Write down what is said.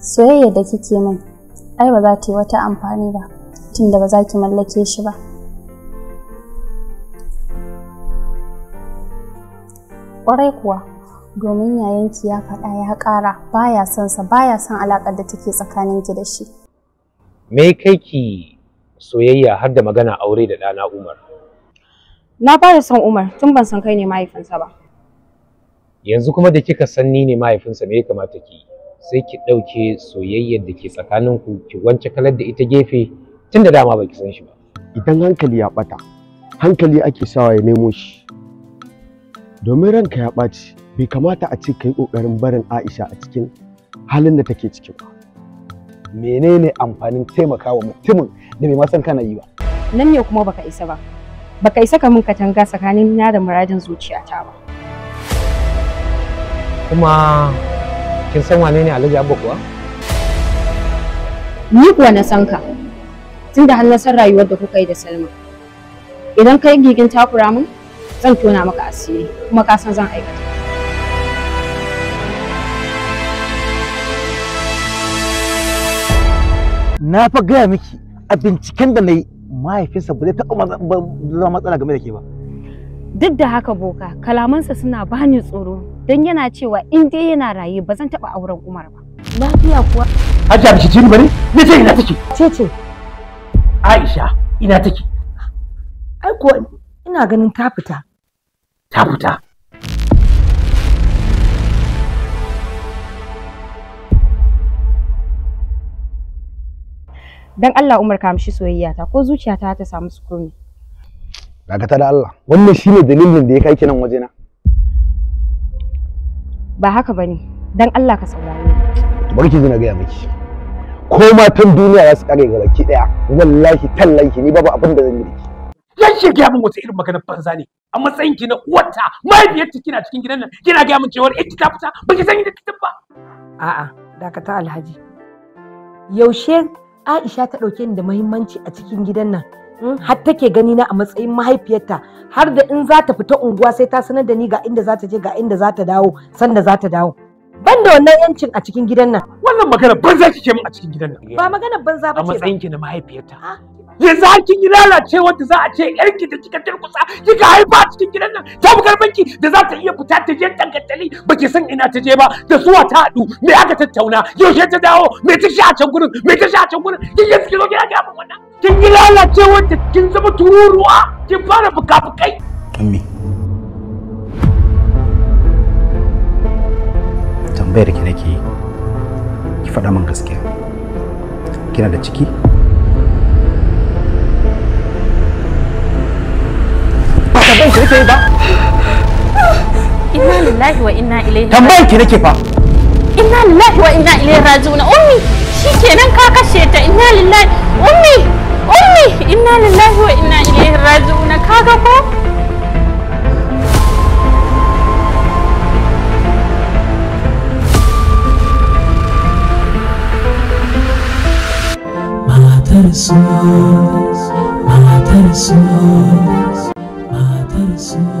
soyayyar da kike mai ai ba za ta yi wata amfani ba tunda ba za ki mallake shi ba ƙwarai kuwa domin yayanki ya faɗa ya ƙara baya son sa baya son alaƙar da take tsakaninki da shi me kai ki soyayya har da magana aure da ɗana Umar na fara son Umar tun ban san kai ne mahaifinsa ba yanzu kuma da kika san ni ne mahaifinsa me ya kamata ki yi sai ki ɗauke soyayyar da ke tsakaninku ki wance kalar da ita gefe tun da dama baki san shi ba idan hankali ya ɓata hankali ake sawa ya nemo shi domin ranka ya ɓaci bai kamata a ce kai ƙoƙarin barin aisha a cikin halin da take ciki ba menene amfanin taimakawa mutumin da bai ma san kana yi ba nan ne kuma baka isa ba baka isa ka min katanga tsakanin na da muradin zuciyata ba kuma kin san wane ne Alhaji Abba kuwa ni kuwa na san ka tunda har na san rayuwar da kuka yi da Salma idan kai gigin takura min zan tona maka asiri kuma ka san zan aikata na fa gaya miki a binciken da na yi mahaifinsa ba zai taɓa zama matsala game da ke ba duk da haka boka kalamansa suna bani tsoro don yana cewa in dai yana raye ba zan taɓa auren umar ba lafiya kuwa hajja biki jini bari ni ce ina take ce ce aisha ina take ai kuwa ina ganin ta fita ta fita dan Allah Umar ka mishi soyayya ta ko zuciyata ta samu sukuni ta da Allah wannan shine dalilin da ya kai ki waje wajena ba haka bane dan Allah ka saurare ni barki zina ga miki ko matan duniya za su kare ga baki daya wallahi tallahi ni babu abin da zan yi yan shi ga mun wata irin maganar banza ne a matsayin ki na uwarta mahaifiyarta kina cikin gidan nan kina ga mun cewa ita ta fita baki san yadda ta ba a'a dakata alhaji yaushe Aisha ta dauke ni da muhimmanci a cikin gidan nan in hmm? har take gani na a matsayin mahaifiyarta har da in za ta fita unguwa sai ta sanar da ni ga inda za ta je ga inda za ta dawo sanda za ta dawo ban da wannan yancin a cikin gidan nan wannan magana banza kike min a cikin gidan nan ba magana banza ba ce a matsayin ki na mahaifiyarta ah. yanzu har kin yi lalacewar da za a ce yarki da kika turkusa kika haifa a cikin gidan nan ta bukar banki da za ta iya fita ta je tangattali ba ki san ina ta je ba da suwa ta haɗu me aka tattauna yaushe ta dawo me ta sha a can gurin me ta sha a can gurin kin yi ki zo gida ga wannan kin yi lalacewar da kin zama tururuwa kin fara buka-bukai. Ammi. Tambayar ki nake yi, ki faɗa min gaskiya. Kina da ciki? Ba ta ban ki ba. Inna lillahi wa inna ilaihi. Tambayar ki nake fa. Inna lillahi wa inna ilaihi raji'una ummi shikenan ka kashe ta inna lillahi ummi inna lillahi wa inna ilaihi raji'un kaga ko matar